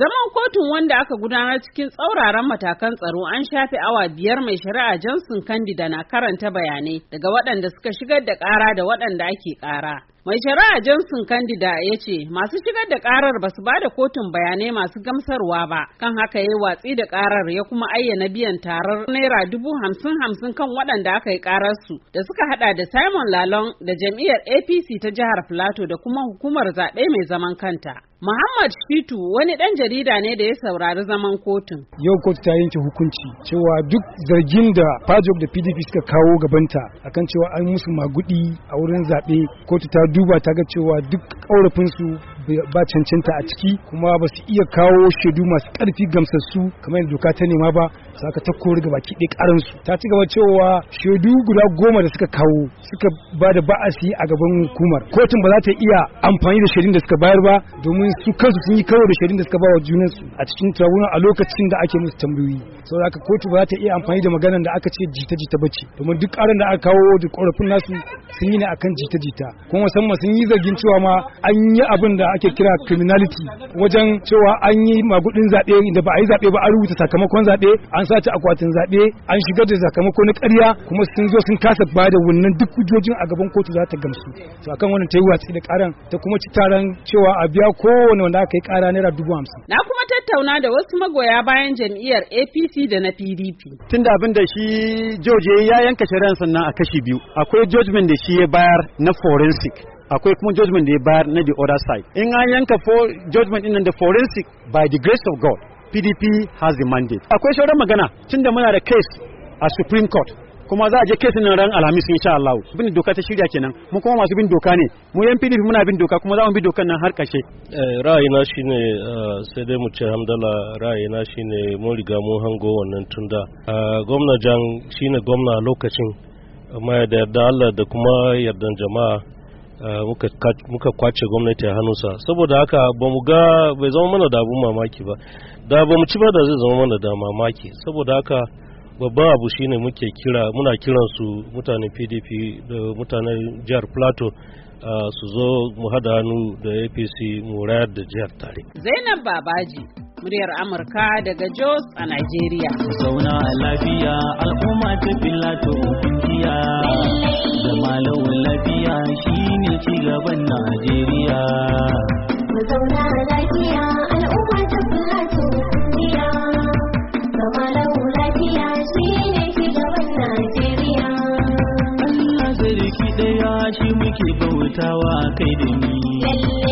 Zaman kotun wanda aka gudanar cikin tsauraran matakan tsaro an shafe awa biyar mai shari'a Johnson Candida na karanta bayanai daga waɗanda suka shigar da ƙara da waɗanda ake ƙara. Mai shari'a Johnson Candida ya ce masu shigar da ƙarar basu ba da kotun bayanai masu gamsarwa ba kan haka ya yi watsi da ƙarar ya kuma ayyana biyan tarar naira dubu hamsin hamsin kan waɗanda aka yi ƙarar su da suka haɗa da Simon Lalong da jam'iyyar APC ta jihar Filato da kuma hukumar zaɓe mai zaman kanta. Muhammad Shitu wani ɗan jarida ne da ya saurari zaman kotun. Yau kotu ta yanke hukunci cewa duk zargin da Pajok da PDP suka kawo gabanta akan cewa an musu magudi a wurin zaɓe kotu ta duba ta ga cewa duk ƙorafinsu ba cancanta a ciki kuma ba su iya kawo shaidu masu karfi gamsassu kamar yadda doka ta nema ba saka ta kori ga baki ɗaya karansu ta ci gaba cewa shaidu guda goma da suka kawo suka ba da ba'asi a gaban hukumar kotun ba za ta iya amfani da shaidun da suka bayar ba domin su kansu sun yi kawo da shaidun da suka ba wa junansu a cikin tawunan a lokacin da ake musu tambayoyi saboda haka kotu ba za ta iya amfani da maganar da aka ce jita-jita ba bace domin duk karan da aka kawo da ƙorafin nasu sun yi ne akan jita-jita kuma musamman sun yi zargin cewa ma an yi abin da ake kira criminality wajen cewa an yi magudin zaɓe da ba a yi zaɓe ba an rubuta sakamakon zaɓe an sace akwatin zaɓe an shigar da sakamako na ƙarya kuma sun zo sun kasa ba da wannan duk kujojin a gaban kotu za ta gamsu to akan wannan ta yi watsi da karan ta kuma ci taron cewa a biya kowane wanda aka yi kara naira dubu hamsin. Na kuma tattauna da wasu magoya bayan jam'iyyar APC da na PDP. Tunda abin da shi George ya yanka shari'ar sannan a kashi biyu akwai judgment da shi ya bayar na forensic akwai kuma judgment da ya bayar na the other side in an yanka for judgment in da forensic by the grace of god pdp has the mandate akwai shauran magana tun da muna da case a supreme court kuma za a je kesin ran alhamis insha Allah bin doka ta shirya kenan mu kuma masu bin doka ne mu yan PDP muna bin doka kuma za mu bi dokan nan har kashe eh, na shine eh, sai dai mu ce hamdala na shine mun riga mun hango wannan tunda eh, gwamna jan shine gwamna lokacin amma da yarda Allah da kuma yardan jama'a muka kwace gwamnati a hannunsa saboda haka ba mu ga bai zama mana da abun mamaki ba da ba mu ci ba da zai zama mana da mamaki saboda haka babban abu shine muke kira muna kiran su mutanen pdp da mutanen jihar plateau su zo mu hada hannu da apc mu rayar da jihar tare zainab babaji muryar amurka daga jos a nigeria zauna a lafiya al'umma ta plateau lafiya shine da ci Najeriya. Mu zauna lafiya al'umma ta kula tuniya. Zama lau lafiya shi cigaban Najeriya. Allah sarki ɗaya shi muke bautawa akai da ni.